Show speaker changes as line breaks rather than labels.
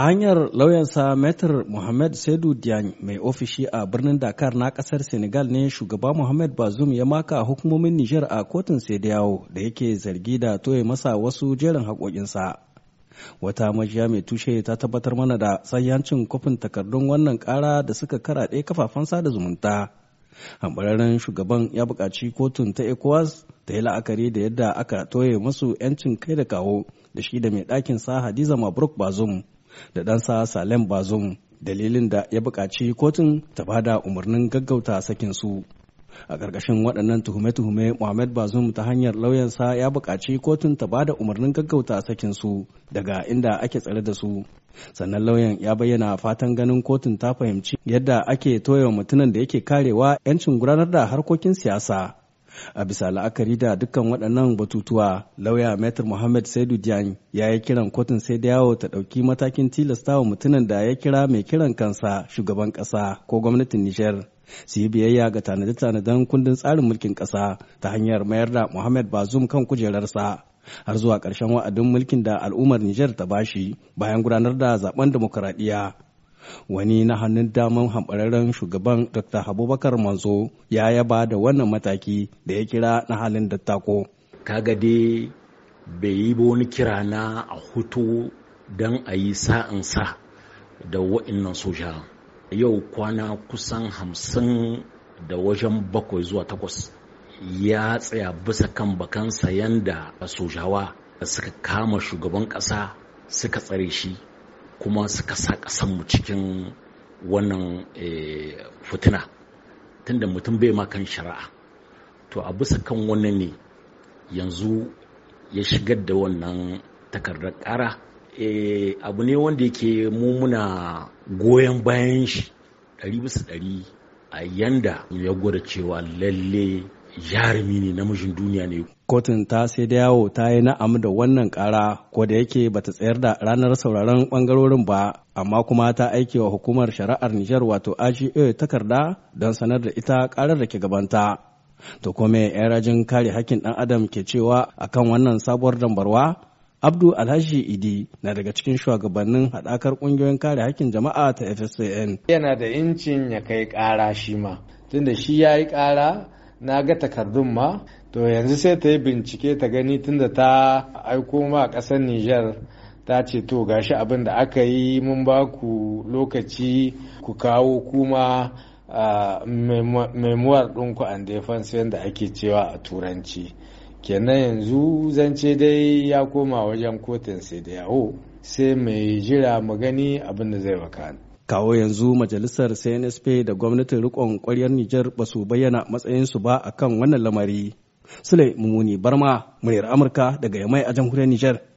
ta hanyar lauyansa Metr Mohamed Seydou Diagne mai ofishi a birnin Dakar na kasar Senegal ne shugaba Mohamed Bazoum ya maka hukumomin Nijar a kotun Sediyawo da yake zargi da toye masa wasu jerin haƙoƙinsa. Wata majiya mai tushe ta tabbatar mana da sanyancin kofin takardun wannan kara da suka karaɗe kafafen sada zumunta. hambararren shugaban ya buƙaci kotun ta ecowas ta yi la'akari da yadda aka toye masu 'yancin kai da kawo da shi da mai ɗakin sa hadiza mabruk bazum da ɗansa Salem Bazum dalilin da ya buƙaci kotun ta bada umarnin gaggauta sakin su. A ƙarƙashin waɗannan tuhume-tuhume Muhammad Bazum ta hanyar lauyansa ya buƙaci kotun ta bada umarnin gaggauta sakin su daga inda ake tsare da su. Sannan lauyan ya bayyana fatan ganin kotun ta fahimci yadda ake toya mutumin da yake karewa 'yancin gudanar da harkokin siyasa a bisa la'akari da dukkan waɗannan batutuwa lauya metr mohammed saidu diyan ya yi kiran kotun sai da yawo ta ɗauki matakin tilastawa mutumin da ya kira mai kiran kansa shugaban ƙasa ko gwamnatin nijar su yi biyayya ga tanade-tanaden kundin tsarin mulkin ƙasa ta hanyar mayar da mohammed bazum kan kujerarsa har zuwa ƙarshen wa'adin mulkin da al'ummar nijar ta bashi bayan gudanar da zaben dimokuraɗiyya wani na hannun daman hambararren shugaban dr abubakar manzo ya yaba da wannan mataki da ya kira na halin dattako
kaga dai bai yi ba wani kira na a hutu don a yi sa'in sa da wa'innan soja yau kwana kusan hamsin da wajen bakwai zuwa takwas ya tsaya bisa kan bakansa yanda sojawa suka kama shugaban ƙasa suka tsare shi kuma suka sa ƙasanmu cikin wannan eh, fitina tunda mutum bai ma kan shari'a to a bisa kan wannan ne yanzu ya shigar da wannan takardar ƙara eh, abu ne wanda yake mu muna goyon bayan shi ɗari bisa ɗari a yanda ya gwada cewa lalle jarumi ne na namijin duniya ne kotun
ta sai da yawo ta yi na'am da wannan kara ko da yake ba ta tsayar da ranar sauraron bangarorin ba amma kuma ta aike wa hukumar shari'ar Nijar wato AGA takarda don sanar da ita karar da ke gabanta to kome yan rajin kare hakkin ɗan adam ke cewa akan wannan sabuwar dambarwa Abdu Alhaji Idi na daga cikin shugabannin
haɗakar ƙungiyoyin kare hakkin jama'a ta FSN. Yana da incin ya kai ƙara shi ma, tunda shi ya yi ƙara na ga takardun ma to yanzu sai ta yi bincike ta gani tunda ta aiko ma ƙasar Nijar ta ce to gashi abin da aka yi mun ba ku lokaci ku kawo kuma memuwar ɗinku and defense yadda ake cewa a turanci kenan yanzu zance dai ya koma wajen kotun sai da yawo sai mai jira mu gani abin da zai wakana kawo yanzu majalisar cnsp da gwamnatin rikon
kwaryar nijar ba su bayyana matsayinsu ba a kan wannan lamari sule mummuni barma muryar amurka daga yamai a jamhuriyar nijar